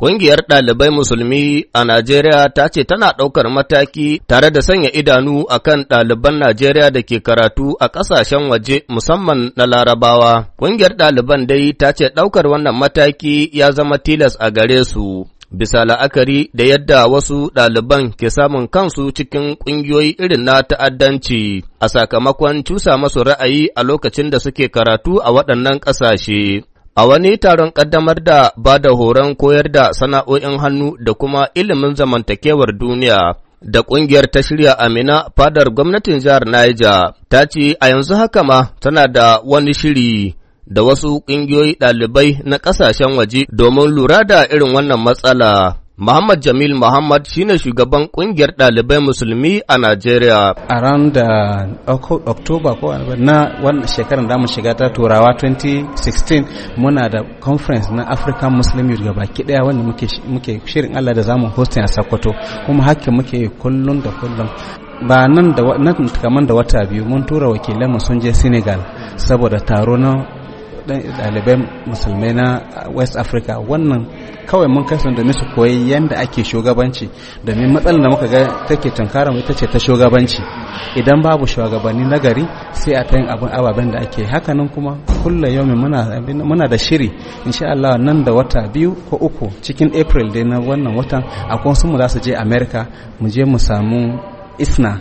Ƙungiyar ɗalibai musulmi a Najeriya ta ce tana ɗaukar mataki tare da sanya idanu a kan ɗaliban Najeriya da ke karatu a ƙasashen waje musamman na Larabawa. Ƙungiyar ɗaliban dai ta ce ɗaukar wannan mataki ya zama tilas a gare su. bisa la'akari da yadda wasu ɗaliban ke samun kansu cikin ƙungiyoyi irin na ta'addanci a sakamakon cusa masu ra'ayi a lokacin da suke karatu a waɗannan ƙasashe. A wani taron ƙaddamar da ba da horon koyar da sana'o'in hannu da kuma ilimin zamantakewar duniya da ƙungiyar ta shirya Amina fadar gwamnatin jihar Niger ta ce a yanzu haka ma tana da wani shiri da wasu ƙungiyoyi ɗalibai na ƙasashen waje domin lura da irin wannan matsala. Muhammad Jamil Muhammad shine shugaban kungiyar ɗalibai musulmi a Najeriya. ran da Oktoba ko na wannan shekarar da mu shiga ta Turawa 2016 muna da conference na African Muslim Youth gabaki daya wanda muke shirin Allah da zamu hosting a Sokoto kuma hakkin muke kullun da kullun. Ba nan da kaman da wata biyu mun tura wakilai mu sun je Senegal saboda taro na ɗalibai musulmai na west africa wannan kawai mun kai domin su koyi yadda ake shugabanci domin matsalar da muka ga take tunkara mu ita ce ta shugabanci idan babu shugabanni na gari sai a ta yin abin ababen da ake hakanan kuma kulla yau muna da shiri insha Allah nan da wata biyu ko uku cikin april dai na wannan watan akwai su mu za su je america mu je mu samu isna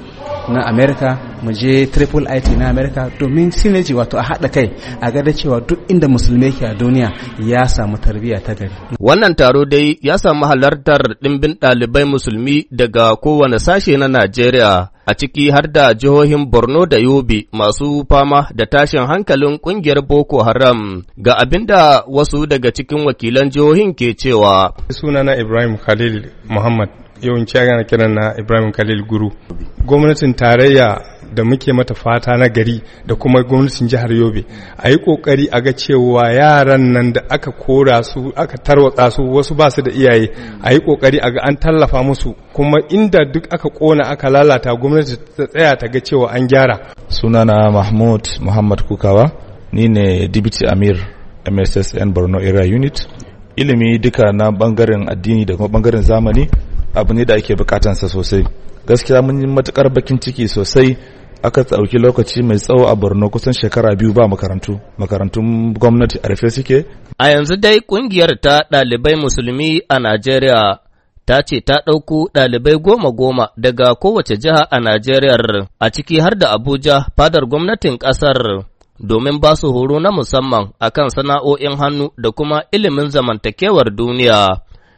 na america mu je triple it na america domin synergy wato a haɗa kai a gada cewa duk inda musulmai ke a duniya ya samu tarbiyya ta gari wannan taro dai ya samu halartar ɗimbin ɗalibai musulmi daga kowane sashe na najeriya a ciki har da jihohin Borno da Yobe masu fama da tashin hankalin kungiyar Boko Haram ga abinda wasu daga cikin wakilan jihohin ke cewa. Sunana Ibrahim Khalil Muhammad yawanci gana kiran na Ibrahim Khalil Guru. Gwamnatin tarayya da muke mata fata na gari da kuma gwamnatin jihar yobe a yi kokari a ga cewa yaran nan da aka kora su aka tarwatsa su wasu ba su da iyaye a yi kokari a ga an tallafa musu kuma inda duk aka kona aka lalata gwamnati ta tsaya ta ga cewa an gyara sunana mahmud muhammad kukawa ni ne dibiti amir mssn borno area unit ilimi duka na bangaren addini da kuma bangaren zamani abu ne da ake bukatansa sosai gaskiya mun yi matukar bakin ciki sosai aka tsauki lokaci mai tsawo a borno kusan shekara biyu ba makarantu makarantun gwamnati a rufe suke a yanzu dai kungiyar ta ɗalibai musulmi a najeriya ta ce ta ɗauko ɗalibai goma-goma daga kowace jiha a Najeriya a ciki har da Abuja fadar gwamnatin ƙasar domin ba su horo na musamman akan sana'o'in hannu da kuma ilimin zamantakewar duniya.